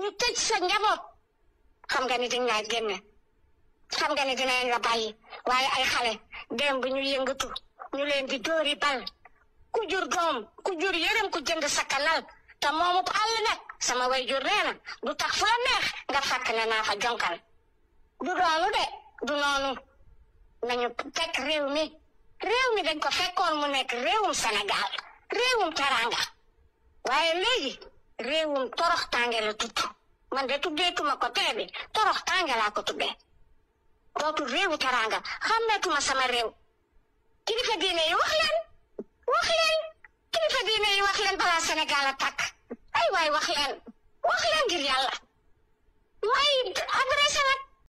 ñu tëj sa njaboot xam nga ni dañ laa génne xam nga ni dinañ la waaye ay xale démb ñu yëngatu ñu leen di dóori bal ku jur doom ku jur yërëm ku jënd sa kanal te moomu àll nag sama way jur nee na du tax fu la neex nga fàkk ne naa fa jonkal du doonu de du noonu nañu fekk réew mi réew mi dañ ko fekkoon mu nekk réewum Sénégal réewum teranga waaye léegi réewum torox tànge la tudd man de tuddeetuma ko télé torox tànge laa ko tuddee dootul réewu teraanga xàmmeetuma sama réew kilifa diine yi wax leen wax leen diine yi wax balaa Sénégal a tàkk ay waay wax leen wax